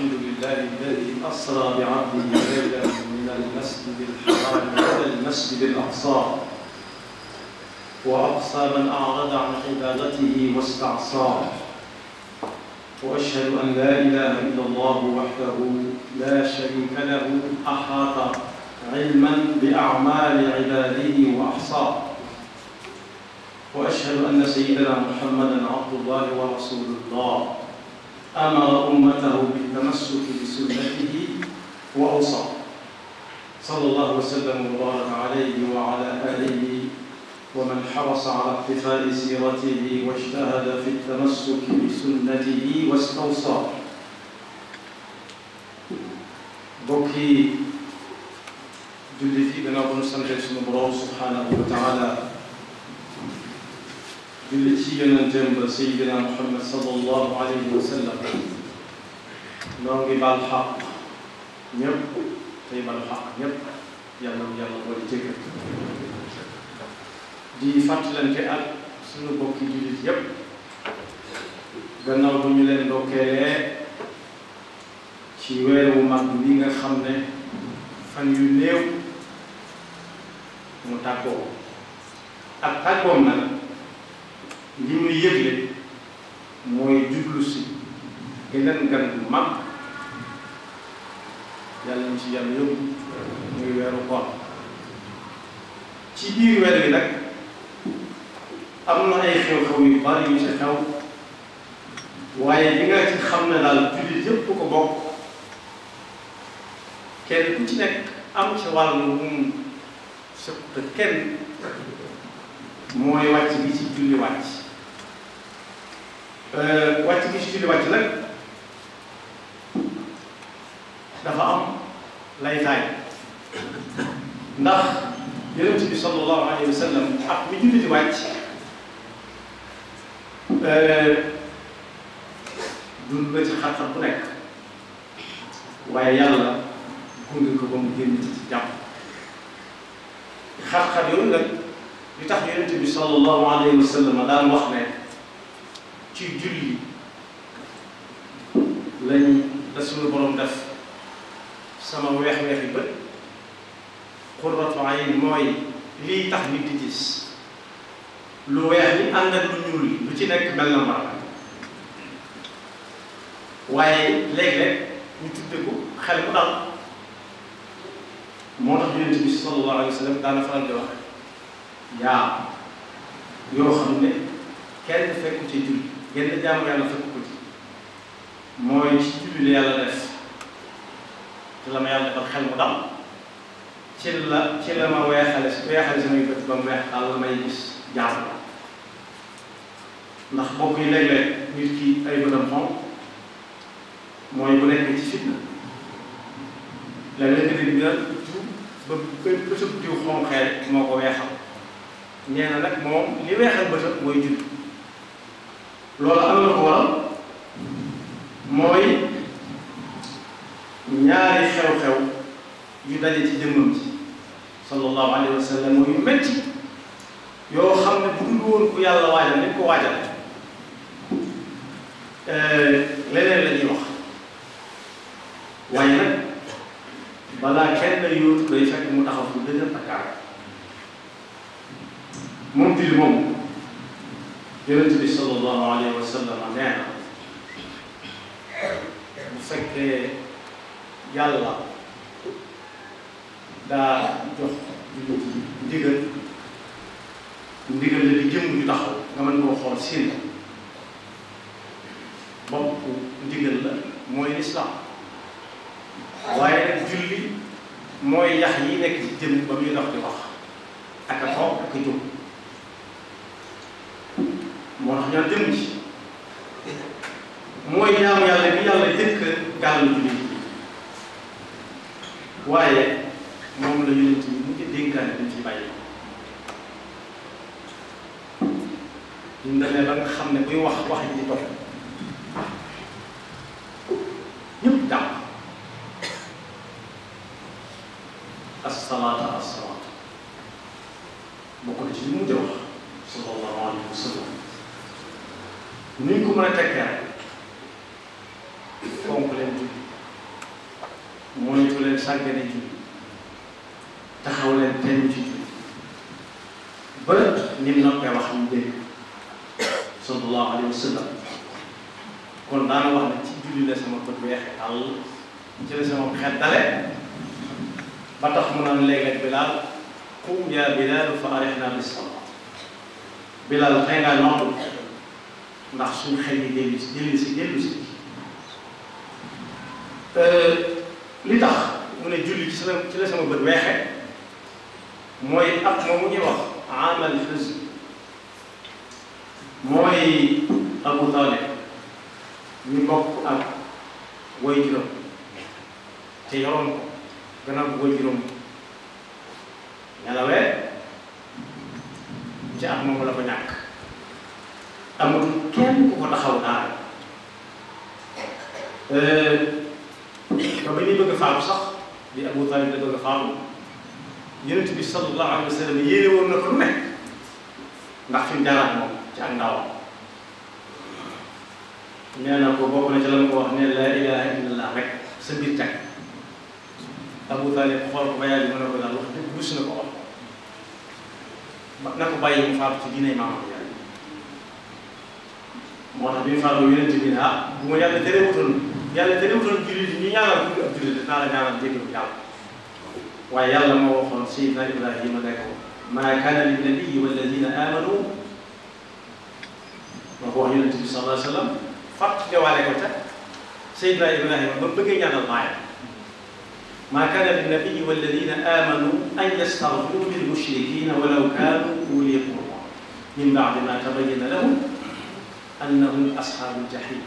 الحمد لله الذي أسرى بعبده ليلا من المسجد الحرام إلى المسجد الأقصى وأقصى من أعرض عن عبادته واستعصاه وأشهد أن لا إله إلا الله وحده لا شريك له أحاط علما بأعمال عباده وأحصاه وأشهد أن سيدنا محمدا عبد الله ورسول الله amara ummatahu biltamassuki bi sunnatihi wa awsa sallallahu wa sallam wa baraka alayhi wa ala alihi wa man xarasa ala iqtifaai siiratihi wa ijtahada fi tamassuki bi sunnatihi wa stawsa bokki julli fi gannaaw ba nu sante sunu borom subhanahu wa taala julli ci yonenteem ba sayyidina Muhammad sallallahu alayhi wa sallam noo ngi baal xaq ñëpp tey baal xaq ñëpp di fàttalante ak suñu bokki jullit yëpp gannaaw bu ñu leen ndokkeelee ci weer wu mag bi nga xam ne fan yu néew mu tàggoo ak tàggoom nag li muy yëgle mooy jublu si geneen gan bu mag yàlla ñu ci yàlla yóbbu muy weeru koor ci biir weer bi nag am na ay xew-xew yu bari yu ci xew waaye li nga ci xam ne daal jullit yépp ko bokk kenn ku ci nekk am ci wàll mu mu sëpp te kenn mooy wàcc bi ci julli wàcc Euh, wàcc gi ci julli wàcc nag dafa am laytaay ndax yonent bi sallallahu alayhi wa sallam ak mi julli di wàcc euh, dund ba ci xar bu nekk waaye yàlla gunge ko ba mu génn ci ci jàmm xar-xar yooyu nag tax yonent bi sallallahu alayhi wa sallam daan wax ci julli lañ la suñu borom def sama weex-weex yi bët xurratu ayn mooy lii tax bi di gis lu weex li ànd ak lu ñuul li lu ci nekk mel na mara waaye léeg-léeg ñu tudde ko xel dal moo tax yonent bi sallallahu alayhi wa sallam daana faral di yoo xam ne kenn fekku ci julli genn jaamu yàlla fekk ko ci mooy ci julli la yàlla def te la ma yàlla defal xel mu ci la ci la ma weexale su weexale samay bët ba mu weex daal la gis jaamu la ndax bokk yi léeg-léeg nit ki ay bëtam xonq mooy bu nekk ci fitna léeg-léeg nit daal ba bëtub diw xonqee moo ko weexal nee na nag moom li weexal bëtam mooy julli loolu am na ko mooy ñaari xew-xew yu daje ci jëmmam ci sallallahu alayhi wa yoo xam ne bu dul woon ku yàlla waajal nañ ko waajal eh, leneen la ñuy wax waaye nag balaa kenn yóotu mu taxaw fu dëgër ak moom moom. yonent bi sallallahu alayhi wa sallam nee na bu fekkee yàlla daa jox ndigal ndigal la di jëm ju taxaw nga mën koo xool siin ndigal mooy lislaam waaye julli mooy yax yi nekk ci jëm ba muy dox di wax ak a toog ak moo tax ñoo jëm ci mooy jaamu yàlla bi yàlla jëkk gàll jullit yi waaye moom la yonent yi mu ngi dénkaane dañ ciy bàyyi ñu demee ba xam ne buy wax wax yi di ni ñu ko mën a tekkee fonk leen julli moo ñu ko leen sàggane julli taxaw leen teem ci julli ba ni mu noppee wax ñu dégg sallallahu alayhi wa sallam kon wax ne ci julli la sama bët weexee àll ci la sama xel dale ba tax mu naan léeg-léeg Bilaal qum yaa Bilaal fa arihna bis-salaa Bilaal xëy nga noonu ndax suñu xel yi dellu si dellu si dellu si euh, li tax mu ne julli ci sama ci la sama bët weexee mooy at mu ñuy wax amal fës mooy Abu Talib ñu bokk ak way juróom te yoroon ko gannaaw bu way juróom nelawee ci at moomu la ko ñàkk amul kenn ku ko taxaw aar ba euh, ba ñuy bëgg a sax di Abu Talib da bëgg a faatu yonent bi sallallahu alayhi wa sallam yéene woon na ko lu ne ndax fi mu jaaraat moom ci ak ndawam nee na ko bokk na ci ko wax ne la ilaha illallah rek sa biir teg Abu Talib ko ba yàgg mën na ko daal wax dëgg na ko wax na ko bàyyi mu ci diinay maamam moo tax bi ñu farloo yeneen bi ne ah bu ma yàlla terewutoon yàlla terewutoon jullit ñi ñaanal ku ab jullit dinaa la ñaanal jéggalu yàlla waaye yàlla moo waxoon Seydina Ibrahima ne ko maa kaana li nabiyyi walladina amanu moo ko wax yonente bi sallallahu alayhi wa sallam fàttalewaale ko ca Seydina Ibrahima ba bëggee ñaanal maayam maa kaana li nabiyyi walladina amanu an yastaghfiru lil mushrikina walaw ma tabayyana annahum asxaabul jaxiim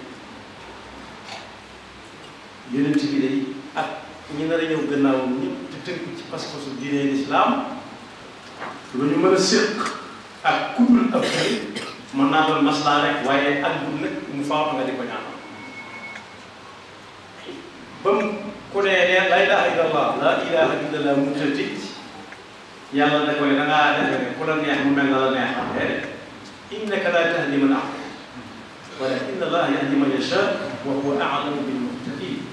yonent bi day ak ñi nar a ñëw gannaawam ñëpp di tënk ci pas-pasu ñu mën a séq ak kudul ab xëy naa doon maslaa rek waaye ak bu nekk mu faaw nga di ko ñaanal ba ku ne laa ilaaha illallah laa ilaaha illallah mu tëddit yàlla da koy da ngaa defe ne ku la neex mu mel na la neex am déedéet innaka laa tahdi man walakin allah yahdi man yasha wa huwa a'lamu bil muhtadin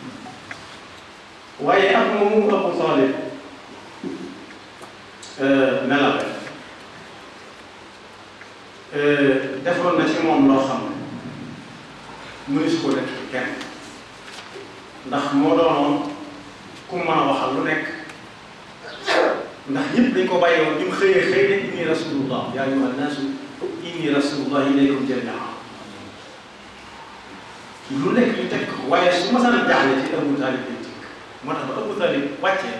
waaye ak moomu Abu Talib melam defoon na ci moom loo xam ne mënees ko def kenn ndax moo doonoon ku mën a waxal lu nekk ndax ñëpp dañ ko bàyyi woon ñu xëyee xëy na inni rasulullah yaa ayyuha naasu inni rasulullah ilaykum jamii'an lu nekk ñu teg ko waaye su ma saan jaaxle ci Abu Taalib lañ tëkk moo tax ba Abu Taalib wàccee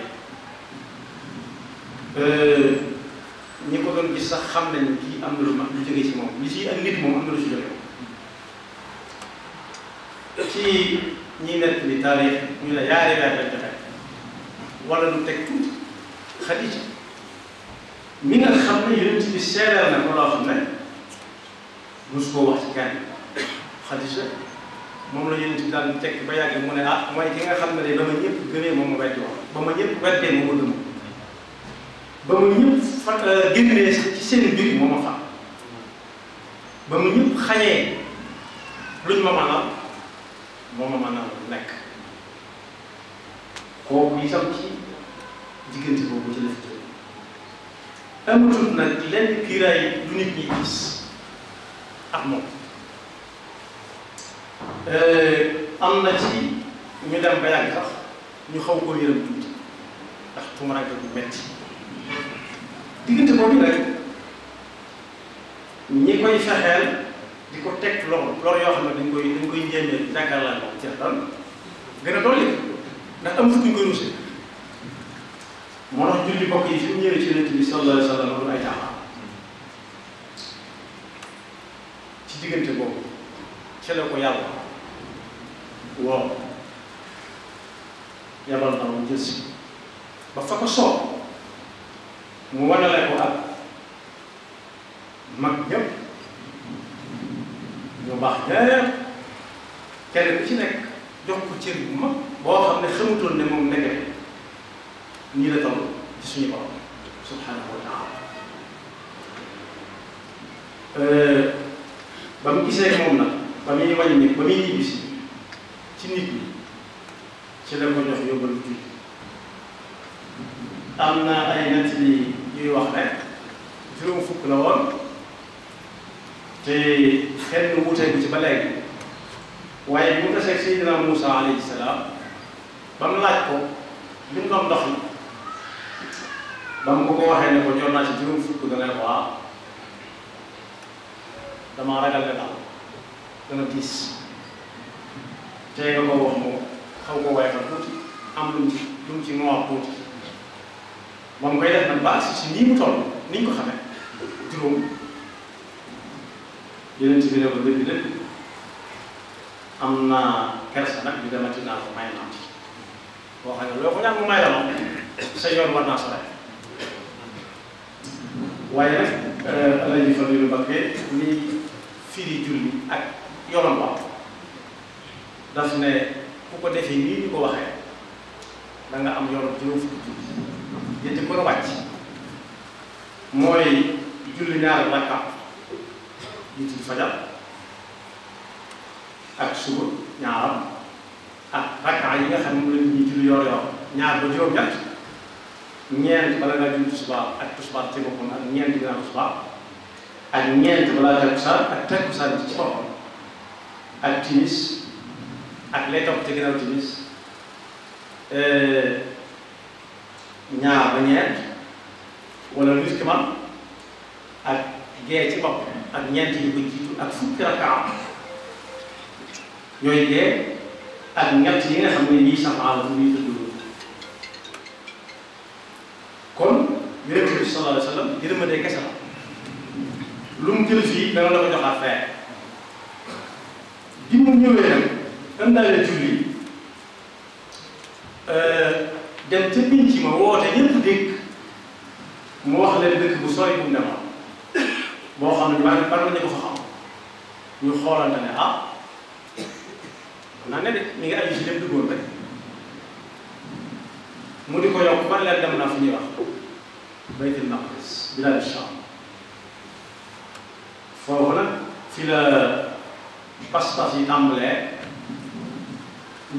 euh, ko doon gis sax xam nañ kii am na lu ma lu jóge moom li ci ak nit moom am na lu la jóge ci ñi nekk ni taarix ñu ne yaari weer lañ joxe wala lu teg tuuti Xadija mi nga xam ne yonent ko loo xam ne mos koo moom la yonent bi daan teg ba yàgg mu ne ah mooy ki nga xam ne de ba ma ñëpp gëmee moom ma weddi wax ba ma ñëpp weddee moom ma gëm ba euh, ba ma ñëpp xañee luñ ma mën a moom ma mën a nekk kooku itam ci diggante boobu ci la fi jóg amatul nag lenn kiiraay du nit ñi gis ak moom Euh, am na ñu dem ba yàgg sax ñu xaw koo yërëm tuuti ndax tumuraanke bu metti diggante boobu nag ñi koy fexeel di ko teg lool lool yoo xam ne dañ koy dañ koy njéemee jàkkaarloo moom ci dal gën a dolli ndax am fukki ko ruuse moo tax julli bokk yi fi mu ñëwee ci yonent bi sallallahu alayhi wa sallam amul ay jaaxal ci diggante boobu ci la ko yàlla woo yabal na mu jël ba fa ko soob mu wanale ko ak mag ñëpp ñu baax ñëpp kenn ku ci nekk jox ko cër bu mag boo xam ne xamutoon ne moom nekk nii la toll ci suñu borom subhanahu wa taala euh, ba mu gisee moom nag ba muy wàññi ba muy ñibbisi ci nit ñi ci la ko jox yóbbalu julli am na ay nett yi ñuy wax rek juróom fukk la woon te xenn wutee bi ci ba léegi waaye bi mu desee Seydina Moussa alayhi salaam ba mu laaj ko li mu doon dox ba mu ko ko waxee ne ko jox ci juróom fukk da ngay waa damaa ragal ne daal dana diis tey nga ko wax moo xaw ko wayfal tuuti am lu mu ci lu mu ci noor tuuti ba mu koy def nag ba agsi si nii mu toll ni ñu ko xamee juróom yeneen ci bi ne ko dëgg dëgg am naa kersa nag bi demati naa ko may naam boo xam ne loo ko ñaan mu may la moom sa yoon war naa sore waaye nag alaji fa bi lu bakkee ni firi julli ak yoonam waaw daf ne ku ko defee nii ñu ko waxee da am yoon juróom fukki julli yéen ko la wàcc mooy julli ñaari rakka jiitu fajar ak suba ñaaram ak rakka yi nga xam ne moom la ñuy julli yor yor ñaar ba juróom-ñett ñeent bala ngaa julli tisbaar ak tisbaar ci boppam ak ñeent ginnaaw tisbaar ak ñeent balaa takkusaan ak takkusaan ak lay topp ci ginnaaw timis euh, ñaar ba ñeent wala lu man ak gee ci bopp ak ñeent yi ko jiitu ak fukki rakkaam ñooy gee ak ñett yi nga xam ne ñii samaa la muy tudd kon yonent bi sallallahu alayhi wa sallam yërmande kese la lu mu jël fii la ko jox affaire bi mu ñëwee nag dam dalee julli euh, dem ca pinc ma woote ñëpp dégg mu wax leen dëkk bu sori bu mu demoon boo xam ne maa ngi ban nañu ko fa xam ñu xoolante ne ah naa de mi ngi aju si dem duggoon rek mu di ko yokk ban leen dem naa fu ñuy wax baytul maqdis bilal Sham foofu nag fi la pas-pas yi tàmbalee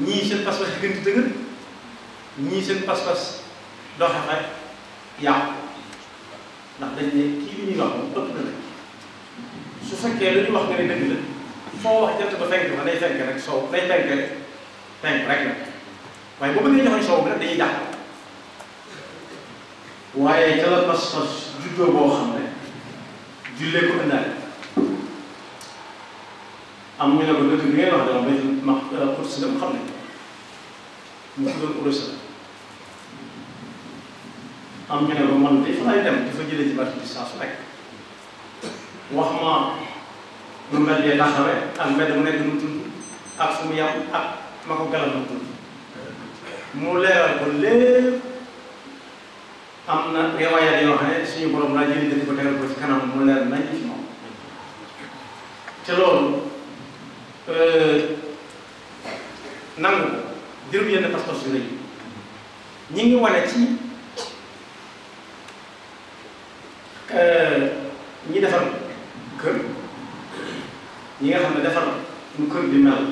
ñii seen pas-pas yi gën di dëgër ñii seen pas-pas doxe rek yàqu ndax dañ ne kii bi ñuy wax moom ëpp na la su fekkee lu ñu wax nga ne dëgg la foo wax jant ba fenk ba day fenk rek soow day fenk rek fenk rek la waaye boobu nee joxoñ soow bi rek dañuy jàpp waaye ca la pas-pas juddoo boo xam ne jullee ko ëndaale Euh, am ñu ne ko dëkk bi ngeen wax dama wax ma lu mel ne taxawee ak mbedd mu nekk mu tudd ak fu ak ma ko galal mu mu leeral ko am na riwaaya yoo xam ne suñu borom laa jëli dëkk ba tegal ko ci kanam ñi ngi wane ci euh, ñi defar kër ñi nga xam ne defar nu kër bi mel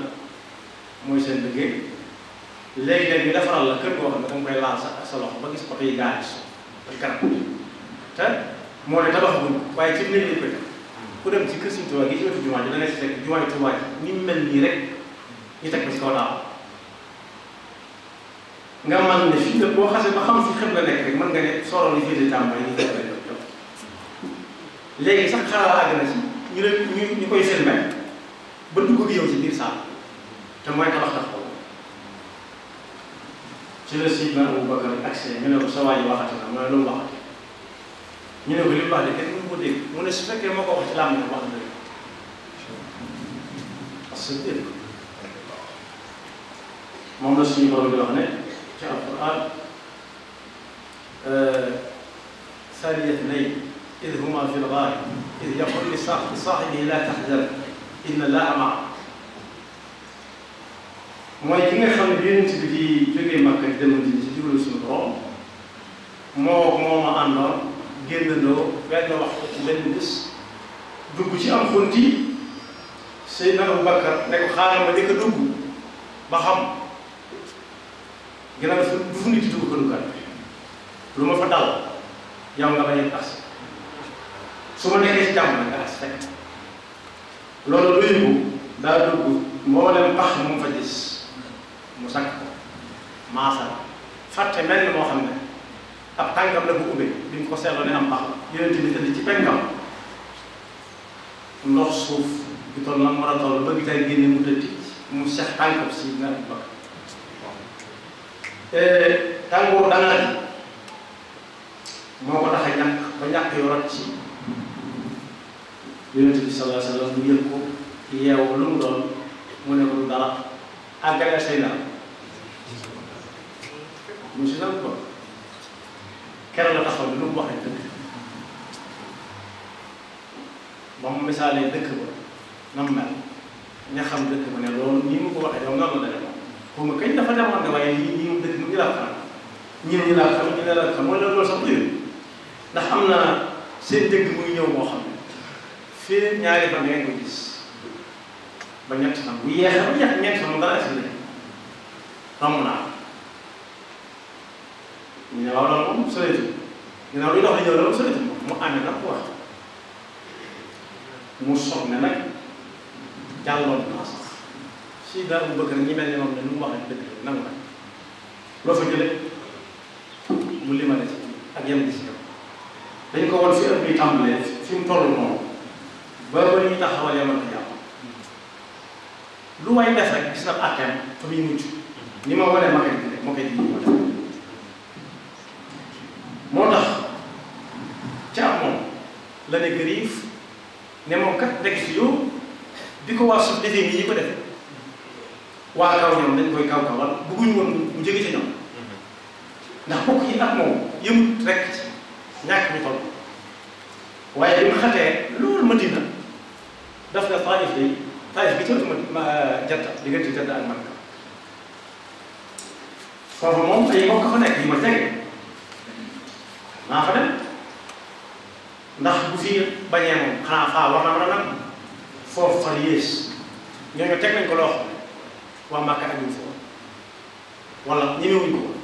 mooy seen liggéey léegi-léeg ñu defaral la kër boo xam ne danga koy laal sa sa loxo ba gis oto yi gaari su ak garab te moo ne tabax buñ waaye ci nit ñi koy ku dem ci kër suñu tubaab gi ci wetu jumaa ji da ngay si fekk jumaa ji ñu mel nii rek ñu teg ko si kaw nga mën ne fii nag boo xasee ba xam si xel la nekk rek mën nga ne sooroon de tàmbali yi fii de léegi sax xarala àgg na si ñu ne ñu ñu koy filmé ba dugg ak yow ci biir saal te mooy tabax tax ko ci la si na Abu ne ko sa waa ji waxati na mooy loolu waxati ñu ne ko li wax de kenn mënu ko dégg mu ne su fekkee moo ko wax ci làmm ne wax na dëgg parce que moom la suñu borom bi wax ne ci alquran saaniyatinay id huma fi lgaari id yaqul li saaxibihi laa taxzan inna llaaha maana mooy ki nga xam ne yonent bi di jógee Makka di demoon ci jublu suñu borom moo moo ma àndoon génnandoo benn waxtu ci benn bés dugg ci am xunti Seydina Abubakar ne ko xaaral ma di ko dugg ba xam ginnaaw fu fu nit dugg ko dugal lu ma fa dal yow nga bañ a as su ma nekkee si jàmm nga as fekk loolu luy bu daa dugg mboolem pax mu fa gis mu sakk ko maasal fàtte mel ni moo xam ne ab tànkam la bu ubbee bi mu ko seetloo ne am pax yeneen tamit tëdd ci penkam ndox suuf bi toll na mu war a toll bëgg tey génne mu tëdd mu sex tànkam si nga bëgg tàngooru danaati moo ko tax a ñàkk ba ñàkk yoo rot ci yonent bi sallallahu alayhi wa sallam mu yëg ko yeewu lu mu doon mu ne ko dara engrais say naa mu si nam ko keroog la taxaw lu mu waxee dëkk ba mu misaalee dëkk ba nam mel nga xam dëkk ba ne loolu nii mu ko waxee yow nga la dale xaw ma kañ dafa demoon de waaye lii ñi moom dëkk bi ñu laal xam ñi ne ñu laal xam ñu ne laal xam wala loolu sax du yëg ndax am na seen dëkk muy ñëw moo xam ne fii ñaari fan ngeen ko gis ba ñett fan bu yeexee ba ñett ñett fan dara si ne romb naa ñu ne waaw loolu moom soleetul ginnaaw li dox li ñëw loolu soleetul moom mu ànd nag wax mu soog ne nag jàlloon naa sax si daa bu bëgg ñi mel ne wax dëgg la na loo fa jële mu limale ci ak yam gi si yow dañ ko woon fi ëpp bi tàmbalee fi mu toll moom ba ba ñuy taxawal yamal ko lu may def rek gis na àtteem fa muy mujj ma wanee ma koy dindi ma koy dindi ca am la ne gëriif ne moom kat rek si yow ko waa suuf defee nii ñu waa kaw ñoom dañ koy kaw kawal bëgguñu woon bu jóge ci ñoom ndax bokk yi ak moom yëmut rek ci ñàkk ñu toll waaye bi mu xatee loolu Madina daf na Taif day Taif bi cëtu ma Jadda diggante Jadda ak Makka foofu moom ay mbokk fa nekk ma tege maa fa ndax bu fi bañee moom xanaa faa war a nag foofu fan yées ñooñu teg nañ ko loo waa Màkka ak ñu si woon wala ñemewuñu ko woon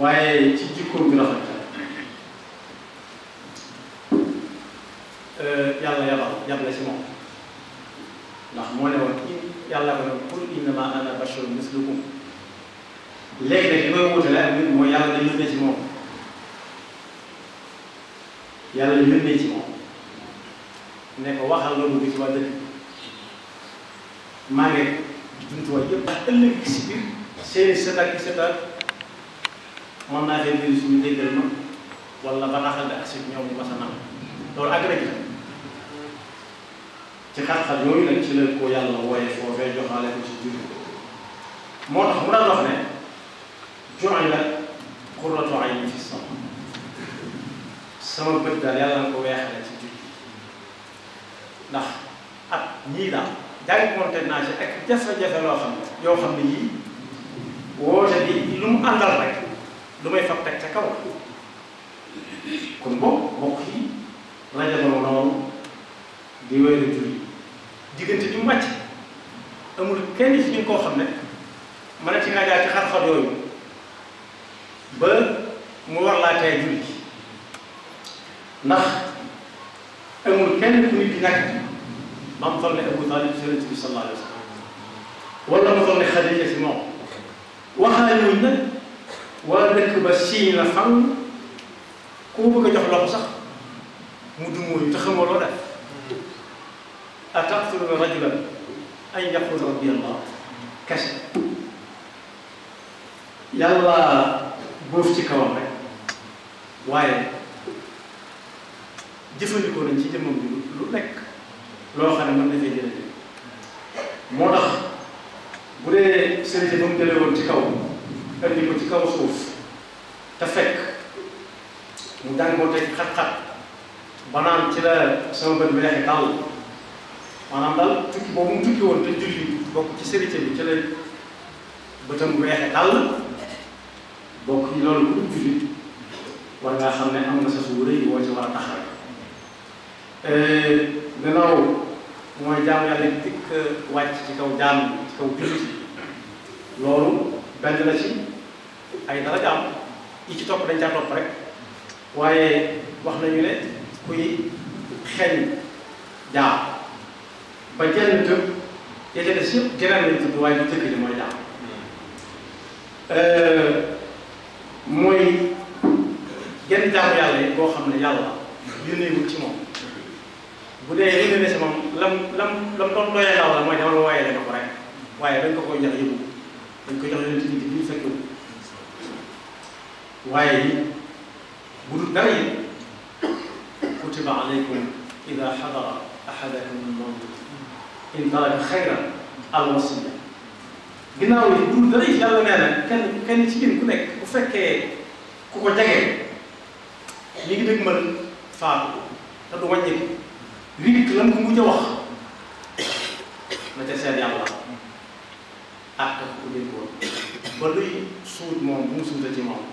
waaye ci jikkoom bi rafet euh, yàlla yabal yab na si moom ndax moo ne woon yàlla ko ne qul innama ana basharun mislukum léegi nag li koy wutale ak nit mooy yàlla la yónnee ci moom yàlla la yónnee ci moom ne ko waxal loolu bi ci waa dëkk maa ngi jumtuwaay yëpp ndax ëllëg si biir seeni setaat ak setaat naa leen dindi suñu déggal ma wala ba taxal ak si ñoom bu ma sa nangu loolu àgg na ci ci xar-xar yooyu nag ci la ko yàlla wooye foofee joxaale ko ci biir moo tax mu daan wax ne joxe la qurratu ayni fi sama sama bët daal yàlla na ko weexale ci biir ndax ak ñii jànkuwante naa ci ak jafe-jafe loo xam ne yoo xam ne yii woote bi lu mu àndal rek lu may fab teg ca kaw kon boobu mbokk yi rajanoo noonu di weeru julli diggante ñu màcc amul kenn ci ñun koo xam ne mën a ci nga jaar ci xar-xar yooyu ba mu war laa tey julli ndax amul kenn ku nit di maam toll ne Abu Talib ci yonent bi sallallahu alayhi wa sallam wala ma toll ne Xadija ci moom waxaa ñuy nag waa dëkk ba siiñ la xam ku bëgg a jox loxo sax mu dumóoyu te xamoo loo def ataqtuluna rajulan an yaqula rabbi allah kese yàlla boof ci kawam rek waaye jëfandikoo nañ ci jëmmam bi lu nekk lool xam ne mën na moo tax bu dee sëriñ ba mu jële woon ci kaw indi ko ci kaw suuf te fekk mu jàngoo teg xat banaan ci la sama bët bi yaxe dal maanaam daal tukki boobu mu tukki woon te julli bokk ci sérité bi ci la bëtam weexe dal bokk ci loolu bu julli war ngaa xam ne am nga sa su rëy boo war a taxaw gannaaw mooy jaamu yàlla dikk wàcc ci kaw jaam ci kaw jullit loolu benn la ci ay dara jaam yi ci topp dañ caa topp waaye wax nañu ne kuy xeeñ jaam ba jenn tëb ya ca des yëpp geneen lañ tudd jaam euh, mooy genn jaamu yàlla yi boo xam ne yàlla yónneewul ci moom bu dee Indonésie moom lam lam lam doon doyee ndaw la mooy demal waaye la ko rek waaye dañ ko koy jox yëngu dañ ko jox yonent bi te duñu fekkewu waaye yi bu dul dara yi kutiba alaykum ida xadara ahadakum al-mawt in taraka xayran al-wasiya ginnaaw yi bu dul dara yi yàlla nee na kenn kenn ci yéen ku nekk bu fekkee ku ko jege mi ngi dëgg man faatu te du wàññi nit lan ko mujj a wax na ca seet yàlla ak ko ko jënd woon ba suut moom mu suuta ci moom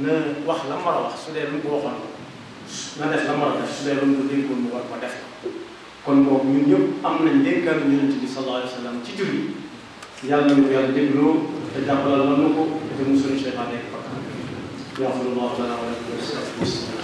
na wax la mu a wax su dee mu ko waxoon na def la mu war a def su dee lu mu ko dénkoon mu ko def kon boobu ñun ñëpp am nañ dénkaan yonent bi sallallahu alayhi wa sallam ci jur yi yàlla nañu ko yàlla dégloo te jàppalal mën na ko te mu suñu cheytaan nekk bakkan yaxfirullahu lana wa lakum